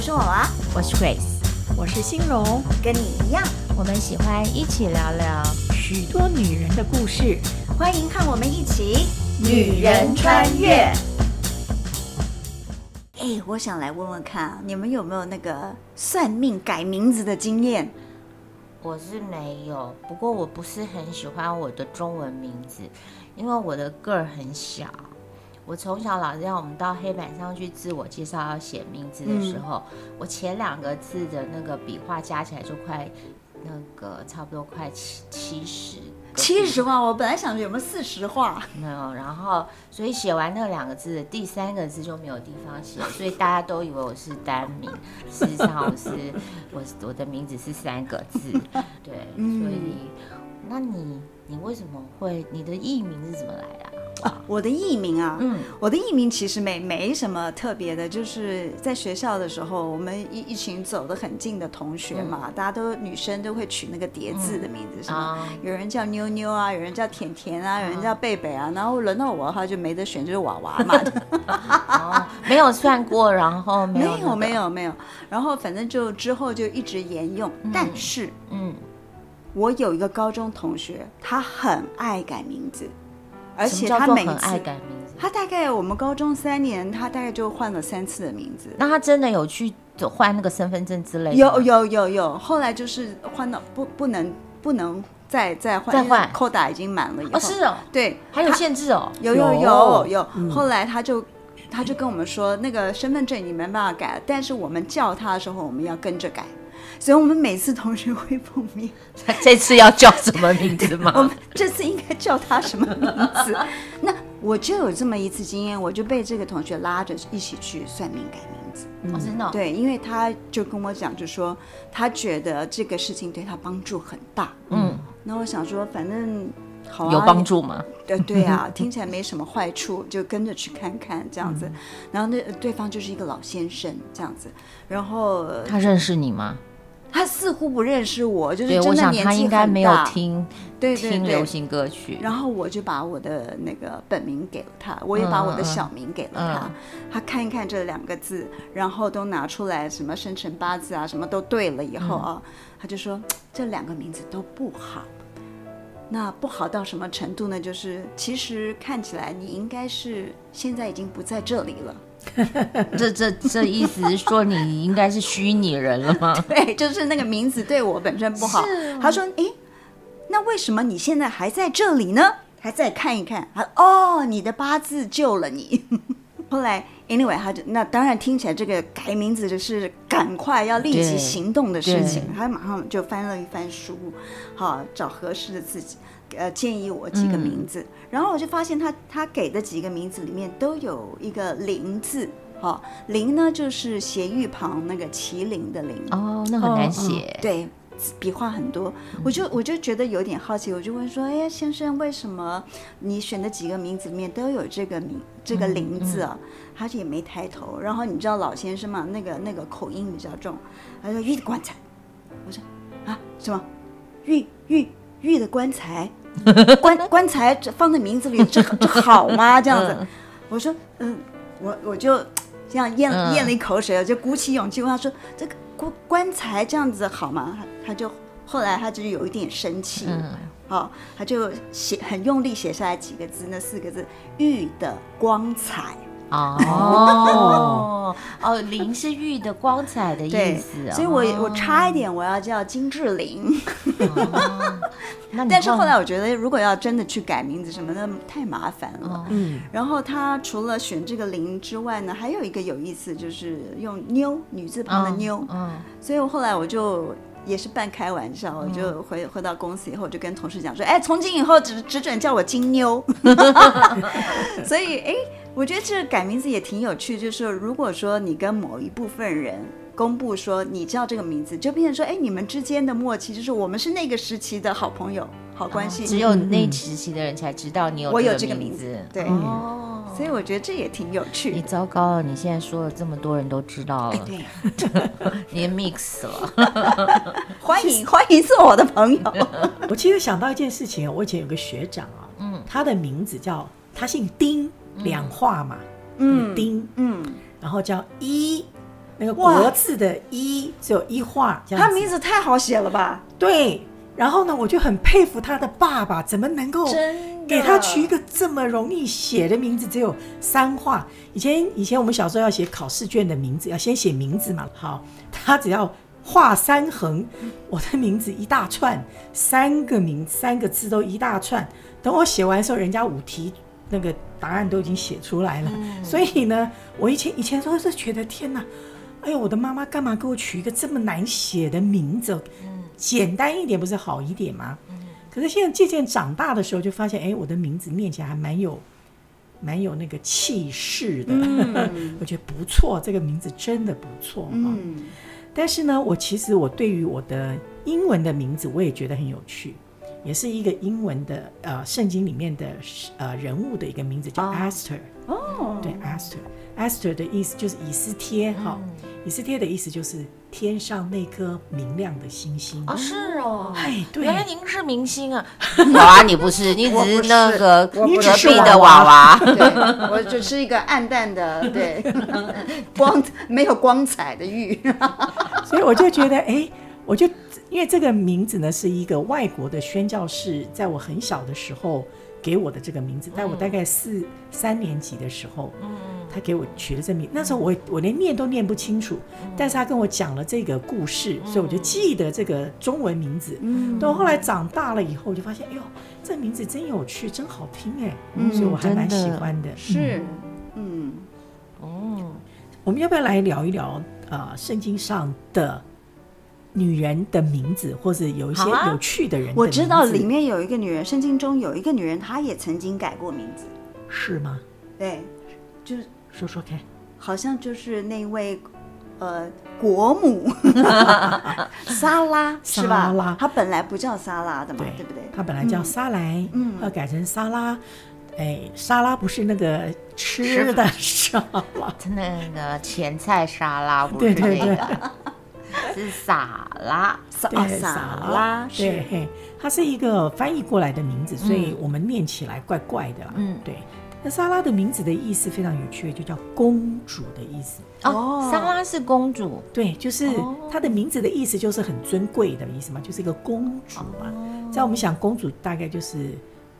我是娃娃，我是 Grace，我是欣榮，跟你一樣，我們喜歡一起聊聊許多女人的故事，歡迎和我們一起女人穿越。哎，我想來問問看，你們有沒有那個算命改名字的經驗？我是沒有，不過我不是很喜歡我的中文名字，因為我的個兒很小。我從小老師讓我們到黑板上去自我介紹，要寫名字的時候，嗯，我前兩個字的那個筆畫加起來就快那個差不多快七七十，七十畫。我本來想着有沒有四十畫，沒有。然後所以寫完那兩個字，第三個字就沒有地方寫，所以大家都以為我是單名。事實上我是我我的名字是三個字，對。嗯，所以那你你為什麼會你的藝名是怎麼來的？哦、我的藝名啊，嗯，我的藝名其實沒沒什麼特別的，就是在學校的時候，我們一一群走得很近的同學嘛，嗯、大家都女生都會取那個疊字的名字，嗯、是嗎、啊？有人叫妞妞啊，有人叫甜甜啊，啊有人叫貝貝啊，然後輪到我的話就沒得選，就是娃娃嘛。 哦、沒有算過，然後沒有、那個、沒有、沒有、沒有，然後反正就之後就一直沿用、嗯。但是，嗯，我有一個高中同學，他很愛改名字。什麼愛改名字，而且他每次，他大概我們高中三年，他大概就換了三次的名字。那他真的有去換那個身份證之類的？有有有有，後來就是換了不不能不能再再換。再換，扣打已經滿了以後。哦，是哦，對，還有限制哦。有有有有，有，有，有、嗯，後來他就他就跟我們說，那個身份證已經沒辦法改了，但是我們叫他的時候，我們要跟着改。所以我們每次同學會碰面，他這次要叫什麼名字嗎？ 我們這次應該叫他什麼名字？ 那我就有這麼一次經驗，我就被這個同學拉着一起去算命改名字。哦、嗯，真、嗯、的對，因為他就跟我講就，就說他覺得這個事情對他幫助很大。嗯，那、嗯、我想說，反正好、啊、有幫助嗎？對對啊，聽起來沒什麼壞處， 就跟着去看看這樣子。嗯、然後那對，對方就是一個老先生這樣子，然後他認識你嗎？他似乎不認識我，就是真的年紀很大。對，應該沒有聽對，對，對，聽流行歌曲。然後我就把我的那個本名給了他，我也把我的小名給了他。嗯、他看一看這兩個字，嗯、然後都拿出來，什麼生辰八字啊，什麼都對了以後啊，嗯、他就說這兩個名字都不好。那不好到什麼程度呢？就是其實看起來你應該是現在已經不在這裡了。 這這這意思是說你應該是虛擬人了嗎？ 對，就是那個名字對我本身不好。啊、他說：“哎、欸，那為什麼你現在還在這裡呢？還再看一看。”他說：“哦，你的八字救了你。 ”後來，anyway，他就那當然聽起來這個改名字就是趕快要立即行動的事情。他馬上就翻了一翻書，好、哦、找合適的自己。呃，建議我幾個名字，嗯、然後我就發現他他給的幾個名字裡面都有一個林、哦“林”字，好，林”呢就是“斜玉旁那個“麒麟”的“麟”，哦，那麼很難寫、哦嗯，對，筆畫很多，嗯、我就我就覺得有點好奇，我就問說：“哎呀，先生，為什麼你選的幾個名字裡面都有這個名這個林、啊‘林、嗯’字、嗯？”他就也沒抬頭。然後你知道老先生嘛，那個那個口音比較重，他說：“玉的棺材。”我說：“啊，什麼？玉玉玉的棺材？”棺 棺材這放在名字裡，這這好嗎？這樣子， 我說，嗯，我我就這樣嚥嚥了一口水，我就鼓起勇氣問他說：“這個棺棺材這樣子好嗎？”他，他就後來他就有一點生氣，好、 哦，他就寫很用力寫下來幾個字，那四個字“玉的光彩”。哦 哦玲是玉的光彩的意思，哦、所以我我差一點我要叫金志玲、哦，但是後來我覺得如果要真的去改名字什麼的太麻煩了。嗯，然後他除了選這個“玲”之外呢，還有一個有意思就是用“妞”女字旁的“妞”哦。嗯，所以我後來我就也是半開玩笑，我就回、嗯、回到公司以後我就跟同事講說：“哎，從今以後只只准叫我金妞。 ” 所以哎。我覺得這改名字也挺有趣，就是說如果說你跟某一部分人公布說你叫這個名字，就變成說，哎，你們之間的默契就是我們是那個時期的好朋友，好關係。哦、只有那時期的人才知道你有，嗯、我有這個名字。對，哦，所以我覺得這也挺有趣的。你糟糕了，你現在說了這麼多人都知道了，哎，對， 你 mix 了。歡 迎歡迎，做我的朋友。 我其實想到一件事情，我以前有個學長啊，嗯，他的名字叫他姓丁。兩畫嘛，嗯，嗯，丁，嗯，然後叫一，那個國字的一只有一畫，他名字太好寫了吧？對，然後呢，我就很佩服他的爸爸怎麼能夠給他取一個這麼容易寫的名字，只有三畫。以前以前我們小時候要寫考試卷的名字，要先寫名字嘛，好，他只要畫三橫，我的名字一大串，三個名三個字都一大串，等我寫完時候，人家五題。那個答案都已經寫出來了，嗯、所以呢，我以前以前都是覺得天哪，哎呦，我的媽媽幹嘛給我取一個這麼難寫的名字？嗯、簡單一點不是好一點嗎？嗯、可是現在漸漸長大的時候，就發現，哎，我的名字面前還蠻有蠻有那個氣勢的、嗯呵呵。我覺得不錯，這個名字真的不錯。嗯。啊、但是呢，我其實我對於我的英文的名字，我也覺得很有趣。也是一個英文的呃，聖經裡面的呃、人物的一個名字叫 Aster oh. Oh. 對，Aster，Aster Aster 的意思就是以斯帖哈，以斯帖的意思就是天上那顆明亮的星星啊，oh, 是哦，哎對，原來您是明星啊，娃 娃、啊、你不是，你只是那個你是你的娃娃，只娃娃 對，我只是一個暗淡的對光沒有光彩的玉， 所以我就覺得哎，我就。因為這個名字呢，是一個外國的宣教士在我很小的時候給我的這個名字，在、嗯、我大概四三年級的時候、嗯，他給我取了這名，那時候我我連念都念不清楚，嗯、但是他跟我講了這個故事、嗯，所以我就記得這個中文名字。嗯，等我後來長大了以後，我就發現，哎呦，這名字真有趣，真好聽哎、欸嗯，所以我還蠻喜歡的，的、嗯。是，嗯，哦、嗯，oh. 我們要不要來聊一聊啊？聖、呃、經上的？女人的名字，或者有一些有趣的人的、啊，我知道裡面有一個女人，聖經中有一個女人，她也曾經改過名字，是嗎？對，就說說看，好像就是那位，呃，國母， 撒拉，是吧？撒拉，拉，她本來不叫撒拉的嘛，對，對不對？她本來叫撒萊，嗯，她改成撒拉、嗯哎，撒拉不是那個吃的沙拉，是是那個前菜沙拉、那個，對，對，對，對。 是撒拉，撒撒拉，對，它是一個翻譯過來的名字，嗯、所以我們念起來怪怪的、啊。嗯，對。那撒拉的名字的意思非常有趣，就叫公主的意思。哦，撒拉是公主。對，就是她的名字的意思，就是很尊貴的意思嘛，就是一個公主嘛。哦、在我們想，公主大概就是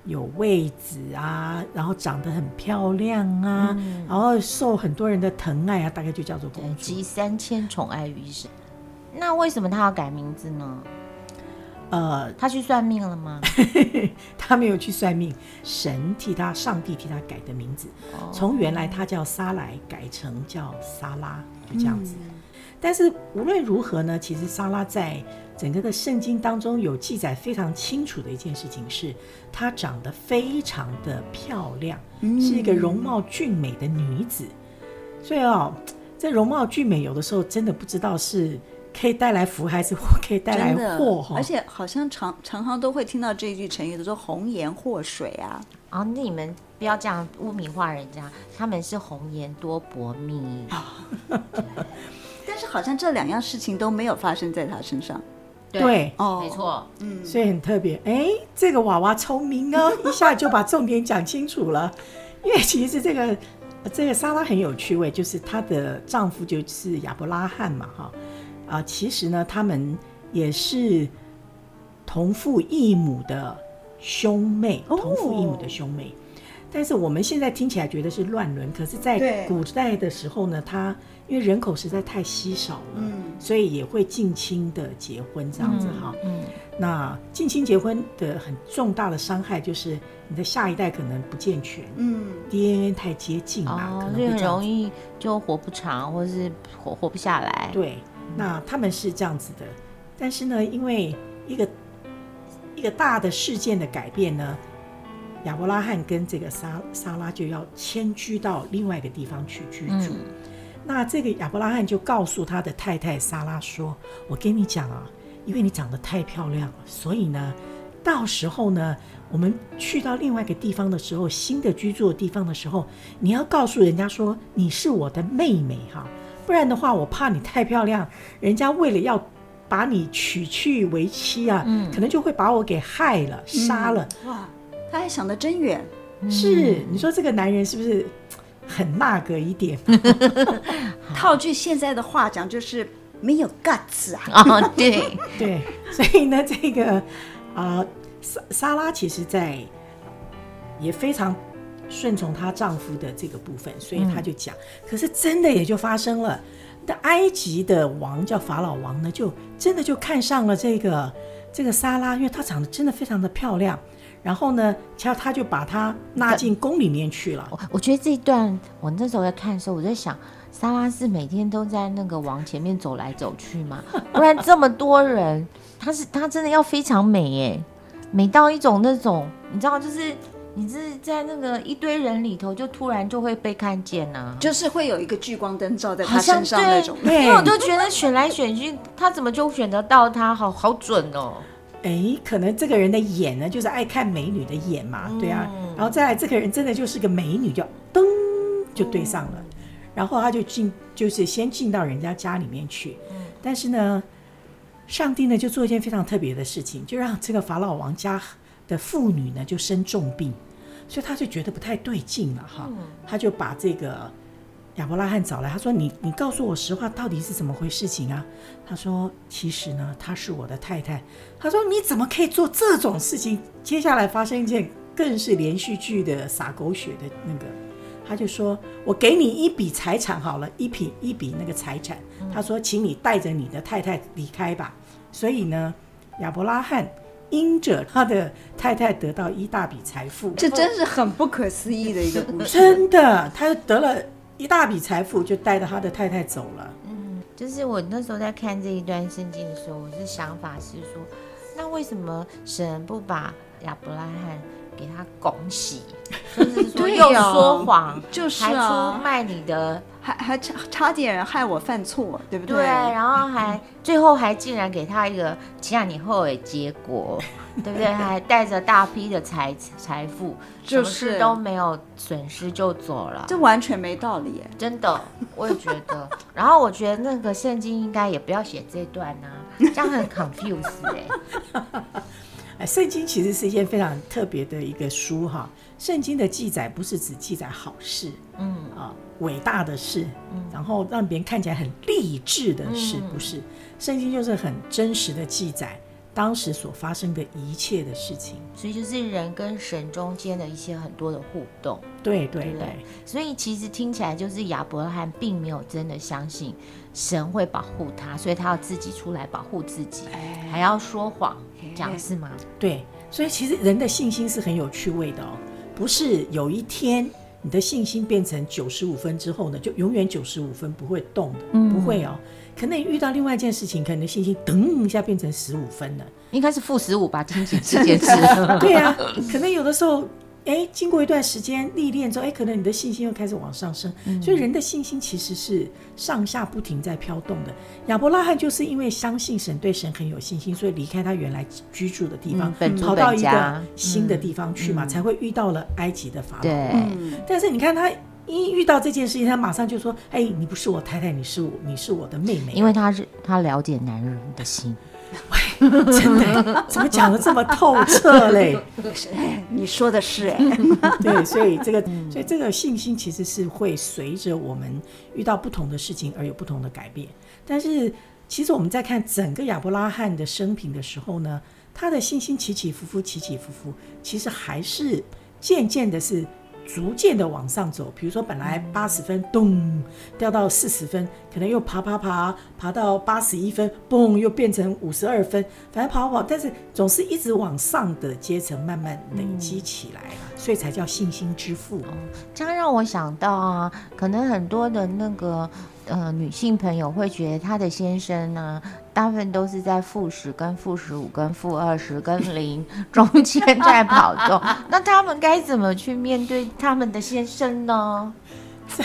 有位子啊，然後長得很漂亮啊，嗯、然後受很多人的疼愛啊，大概就叫做公主，集三千寵愛於一身。那為什麼他要改名字呢？呃，他去算命了嗎？ 他沒有去算命，神替他，上帝替他改的名字，哦、從原來他叫撒萊、嗯、改成叫撒拉，就這樣子、嗯。但是無論如何呢，其實撒拉在整個的聖經當中有記載非常清楚的一件事情是，她長得非常的漂亮，嗯、是一個容貌俊美的女子。所以哦，在容貌俊美，有的時候真的不知道是。可以帶來福，還是可以帶來禍？而且好像常常常都會聽到這一句成語，的說“紅顏禍水”啊。啊、哦，那你們不要這樣汙名化人家，他們是紅顏多薄命。 但是好像這兩樣事情都沒有發生在他身上。對，對哦，沒錯，嗯，所以很特別。哎、欸，這個娃娃聰明哦， 一下就把重點講清楚了。因為其實這個這個撒拉很有趣味，就是她的丈夫就是亞伯拉罕嘛，哈。啊，其實呢，他們也是同父異母的兄妹，同父異母的兄妹。Oh. 但是我們現在聽起來覺得是亂倫，可是，在古代的時候呢，他因為人口實在太稀少了，嗯，所以也會近親的結婚這樣子哈，嗯。嗯，那近親結婚的很重大的傷害就是你的下一代可能不健全，嗯，DNA 太接近了，哦，嗯，就容易就活不長，或是活活不下來。對。那他們是這樣子的，但是呢，因為一個一個大的事件的改變呢，亞伯拉罕跟這個莎莎拉就要遷居到另外一個地方去居住。嗯，那這個亞伯拉罕就告訴他的太太莎拉說：“我跟你講啊，因為你長得太漂亮了，所以呢，到時候呢，我們去到另外一個地方的時候，新的居住的地方的時候，你要告訴人家說你是我的妹妹哈、啊。”不然的話，我怕你太漂亮，人家為了要把你娶去為妻啊，嗯、可能就會把我給害了、嗯、殺了。哇，他還想得真遠。是，嗯、你說這個男人是不是很那個一點？ 套句現在的話講，就是沒有 guts 啊。Oh, 對對。所以呢，這個啊、呃，撒撒拉其實在也非常。順從她丈夫的這個部分，所以她就講、嗯。可是真的也就發生了，那埃及的王叫法老王呢，就真的就看上了這個這個撒拉，因為她長得真的非常的漂亮。然後呢，然他就把她拉進宮裡面去了、啊我。我覺得這一段我那時候在看的時候，我在想，撒拉是每天都在那個王前面走來走去嘛？不然這麼多人，她 是她真的要非常美哎、欸，美到一種那種你知道就是。你是，是在那個一堆人裡頭，就突然就會被看見呢、啊，就是會有一個聚光燈照在他身上那種對。對，因為我就覺得選來選去，他怎麼就選得到他，好好準哦。哎、欸，可能這個人的眼呢，就是愛看美女的眼嘛，嗯、對啊。然後再來，這個人真的就是個美女，就噔就對上了，嗯、然後他就進，就是先進到人家家裡面去。嗯、但是呢，上帝呢就做一件非常特別的事情，就讓這個法老王家。的婦女呢就生重病，所以他就覺得不太對勁了哈，他就把這個亞伯拉罕找來，他說：“你你告訴我實話，到底是怎麼回事情啊？”他說：“其實呢，她是我的太太。”他說：“你怎麼可以做這種事情？”接下來發生一件更是連續劇的灑狗血的那個，他就說：“我給你一筆財產好了，一筆一筆那個財產。嗯”他說：“請你帶着你的太太離開吧。”所以呢，亞伯拉罕。因着他的太太得到一大筆財富，這真是很不可思議的一個故事。 真的，他又得了一大筆財富，就帶着他的太太走了。嗯，就是我那時候在看這一段聖經的時候，我的想法是說，那為什麼神不把亞伯拉罕給他拱洗？就是說 對、哦、又說謊，就是說、啊、出賣你的。還還差差點害我犯錯，對不對？對，然後還最後還竟然給他一個幾萬年後的結果，對不對？還帶着大批的財財富，就是都沒有損失就走了，這完全沒道理，真的，我也覺得。 然後我覺得那個聖經應該也不要寫這段呢、啊，這樣很 confuse 哎、欸。 聖經其實是一件非常特別的一個書哈。聖經的記載不是只記載好事，嗯啊，偉大的事，然後讓別人看起來很勵志的事，不是？聖經就是很真實的記載當時所發生的一切的事情，所以就是人跟神中間的一些很多的互動。對對對，所以其實聽起來就是亞伯拉罕並沒有真的相信神會保護他，所以他要自己出來保護自己，還要說謊。講是嗎？對，所以其實人的信心是很有趣味的哦，不是有一天你的信心變成九十五分之後呢，就永遠九十五分不會動的、嗯，不會哦，可能你遇到另外一件事情，可能信心噔一下變成十五分了，應該是負十五吧，這、這件事，對呀、啊，可能有的時候。哎，經過一段時間歷練之後，哎，可能你的信心又開始往上昇、嗯。所以人的信心其實是上下不停在飄動的。嗯、亞伯拉罕就是因為相信神，對神很有信心，所以離開他原來居住的地方，嗯、跑到一個新的地方去嘛，嗯、才會遇到了埃及的法老。對、嗯嗯。但是你看他一遇到這件事情，他馬上就說：“哎，你不是我太太，你是我，你是我的妹妹、啊。”因為他是他了解男人的心。啊喂，真的，怎麼講得這麼透徹嘞？是，你說的是哎、欸，對，所以這個，所以這個信心其實是會隨着我們遇到不同的事情而有不同的改變。但是，其實我們在看整個亞伯拉罕的生平的時候呢，他的信心起起伏伏，起起伏伏，其實還是漸漸的是。逐漸的往上走，比如說本來八十分，嗯、咚，掉到四十分，可能又爬爬爬，爬到八十一分，嘣，又變成五十二分，反正跑跑跑，但是總是一直往上的階層慢慢累積起來了、嗯，所以才叫信心之父。哦、這樣讓我想到啊，可能很多的那個呃，女性朋友會覺得她的先生呢、啊。大部分都是在負十、跟負十五、跟負二十、跟零 中間在跑動， 那他們該怎麼去面對他們的先生呢？ 這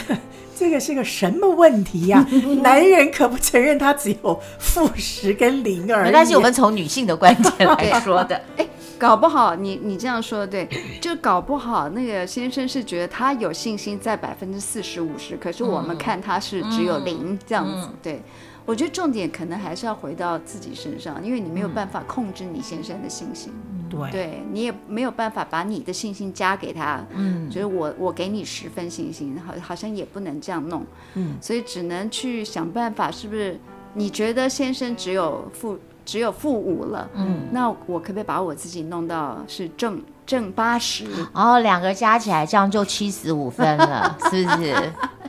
這個是個什麼問題呀、啊？ 男人可不承認他只有負十跟零而已、啊，但是我們從女性的觀點來說的。哎 搞不好你你這樣說對，就搞不好那個先生是覺得他有信心在百分之四十五十，可是我們看他是只有零、嗯、這樣子，嗯嗯、對。我覺得重點可能還是要回到自己身上，因為你沒有辦法控制你先生的信心，嗯、對，對你也沒有辦法把你的信心加給他，嗯，就是我我給你十分信心，好好像也不能這樣弄，嗯，所以只能去想辦法，是不是？你覺得先生只有負只有負五了，嗯，那我可不可以把我自己弄到是正正八十，然、哦、後兩個加起來這樣就七十五分了， 是不是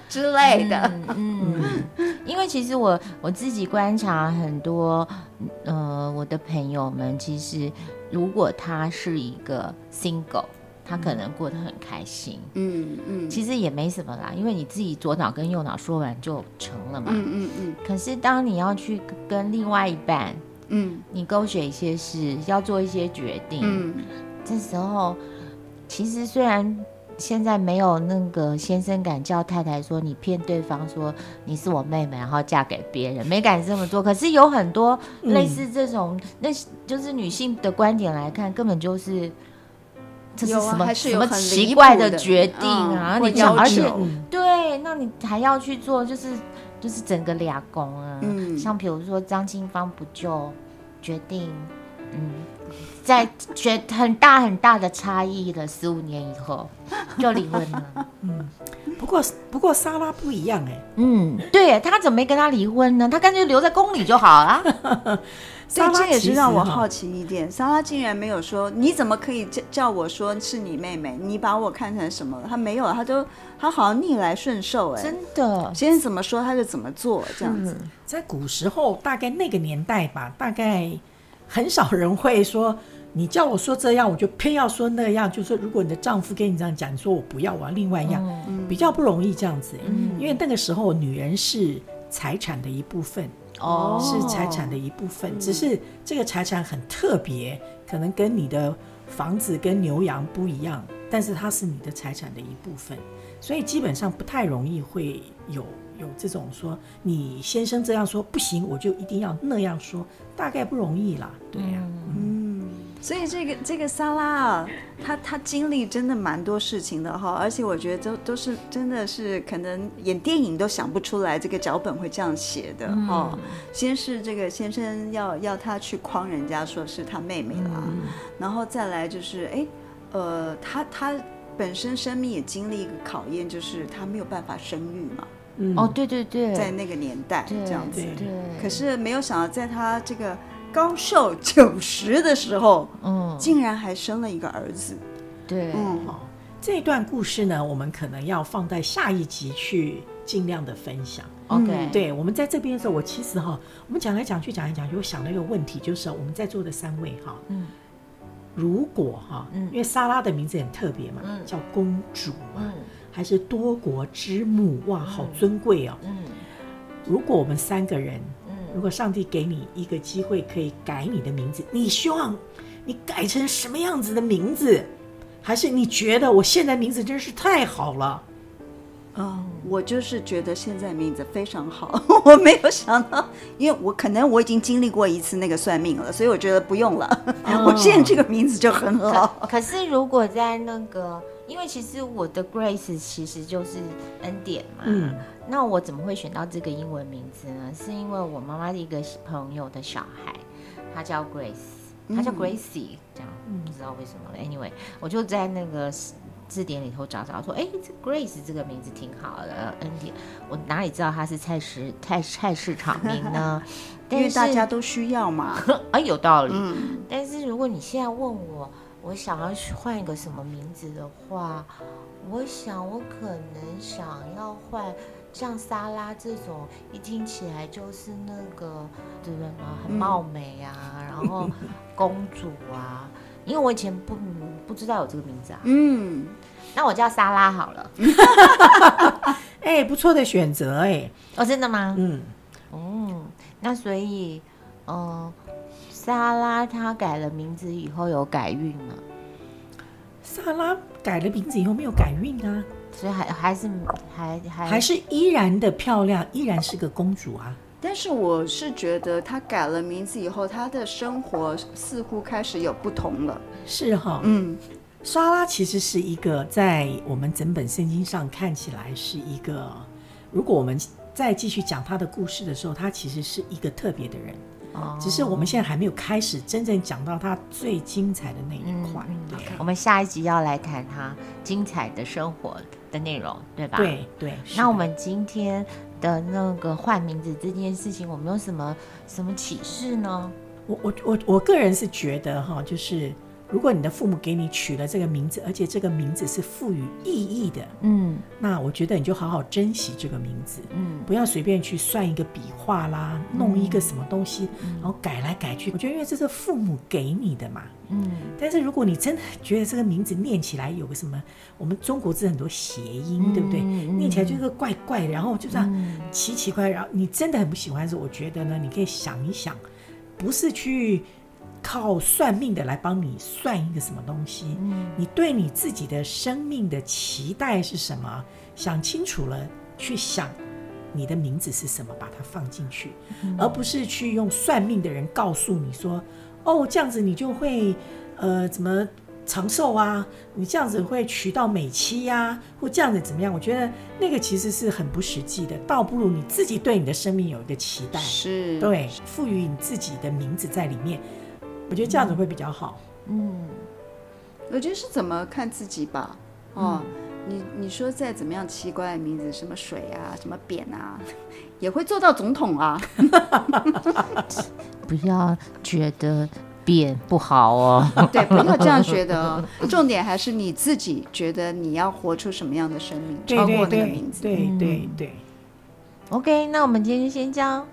之類的？嗯。嗯因為其實我我自己觀察很多，呃，我的朋友們，其實如果他是一個 single，他可能過得很開心，嗯嗯，其實也沒什麼啦，因為你自己左腦跟右腦說完就成了嘛，嗯嗯，嗯，可是當你要去跟另外一半，嗯，你勾選一些事，要做一些決定，嗯，這時候其實雖然。現在沒有那個先生敢叫太太說你騙對方說你是我妹妹，然後嫁給別人，沒敢這麼做。可是有很多類似這種，那、嗯、就是女性的觀點來看，根本就是這是什麼、啊、是什麼奇怪的決定啊！嗯、啊要而且對，那你還要去做，就是就是整個倆工啊。嗯、像比如說張清芳不就決定嗯。 在覺很大很大的差異了，十五年以後就離婚了。 嗯，不過不過莎拉不一樣哎、欸。嗯，對，她怎麼沒跟他離婚呢？她乾脆留在宮裡就好了、啊。莎 拉也是讓 我好奇一點，莎拉竟然沒有說，你怎麼可以叫叫我說是你妹妹？你把我看成什麼了？她沒有，她都她好像逆來順受哎、欸，真的，先人怎麼說她就怎麼做這樣子、嗯。在古時候，大概那個年代吧，大概。很少人會說，你叫我說這樣，我就偏要說那樣。就是如果你的丈夫跟你這樣講，你說我不要，我要另外一樣，嗯嗯、比較不容易這樣子、欸嗯，因為那個時候女人是財產的一部分，哦，是財產的一部分。嗯、只是這個財產很特別，可能跟你的房子跟牛羊不一樣，但是它是你的財產的一部分，所以基本上不太容易會有。有這種說，你先生這樣說不行，我就一定要那樣說，大概不容易啦，對呀、啊，嗯，所以這個這個薩拉啊，他他經歷真的蠻多事情的哈，而且我覺得都都是真的是可能演電影都想不出來這個腳本會這樣寫的、嗯、哦，先是這個先生要要他去框人家說是他妹妹啦、嗯，然後再來就是哎、欸，呃，他他本身生命也經歷一個考驗，就是他沒有辦法生育嘛。哦、嗯，oh, 對對對，在那個年代對，這樣子對對，可是沒有想到，在他這個高壽九十的時候，嗯，竟然還生了一個兒子，嗯、對，嗯，這段故事呢，我們可能要放在下一集去盡量的分享。OK，對，我們在這邊的時候，我其實哈、嗯，我們講來講去講來講去，就想到一個問題，就是我們在座的三位哈，嗯，如果哈，因為撒拉的名字很特別嘛，嗯，叫公主嘛。嗯嗯還是多國之母哇，好尊貴哦，嗯。嗯，如果我們三個人，嗯，如果上帝給你一個機會可以改你的名字，你希望你改成什麼樣子的名字？還是你覺得我現在名字真是太好了？啊、Oh，我就是覺得現在名字非常好。我沒有想到，因為我可能我已經經歷過一次那個算命了，所以我覺得不用了。Oh. 我現在這個名字就很好。可，可是如果在那個……因為其實我的 Grace 其實就是恩典嘛、嗯。那我怎麼會選到這個英文名字呢？是因為我媽媽的一個朋友的小孩，他叫 Grace，他叫 Gracie，、嗯、這樣不知道為什麼了、嗯。Anyway，我就在那個字典裡頭找找說，說哎，這 Grace 這個名字挺好的，恩典。我哪裡知道她是菜市菜菜市場名呢呵呵？因為大家都需要嘛。啊，有道理、嗯。但是如果你現在問我，我想要去換一個什麼名字的話，我想我可能想要換像撒拉這種，一聽起來就是那個，對不對嗎？很貌美啊，然後公主啊，因為我以前不不知道有這個名字啊。嗯，那我叫撒拉好了 哎，不錯的選擇哎、欸。哦，真的嗎？嗯。嗯，那所以，嗯、呃。莎拉，她改了名字以後有改運嗎？莎拉改了名字以後沒有改運啊，所以還是還是還還還是依然的漂亮，依然是個公主啊。但是我是覺得她改了名字以後，她的生活似乎開始有不同了。是哈，哦，嗯，莎拉其實是一個在我們整本聖經上看起來是一個，如果我們再繼續講她的故事的時候，她其實是一個特別的人。只是我們現在還沒有開始真正講到他最精彩的那一塊。嗯、okay, 我們下一集要來談他精彩的生活的內容，對吧？對對。那我們今天的那個換名字這件事情，我們有什麼什麼啟示呢？我我我我個人是覺得哈，就是。如果你的父母給你取了這個名字，而且這個名字是賦予意義的，嗯，那我覺得你就好好珍惜這個名字，嗯，不要隨便去算一個筆畫啦，嗯、弄一個什麼東西、嗯，然後改來改去。我覺得，因為這是父母給你的嘛，嗯。但是如果你真的覺得這個名字念起來有個什麼，我們中國字很多諧音，嗯、對不對？念起來就是怪怪的，然後就這樣奇奇怪，然後你真的很不喜歡的時候，是我覺得呢，你可以想一想，不是去。靠算命的來幫你算一個什麼東西？你對你自己的生命的期待是什麼？想清楚了，去想你的名字是什麼，把它放進去，而不是去用算命的人告訴你說：“哦，這樣子你就會呃怎麼長壽啊？你這樣子會娶到美妻呀、啊，或這樣子怎麼樣？”我覺得那個其實是很不實際的，倒不如你自己對你的生命有一個期待，是對，賦予你自己的名字在裡面。我覺得這樣子會比較好。嗯，我覺得是怎麼看自己吧？哦，嗯、你你說再怎麼樣奇怪的名字，什麼水啊，什麼扁啊，也會做到總統啊。 不要覺得扁不好哦。對，不要這樣覺得哦。重點還是你自己覺得你要活出什麼樣的生命， 超過那個名字。對對對，對，對，對、嗯。OK，那我們今天就先這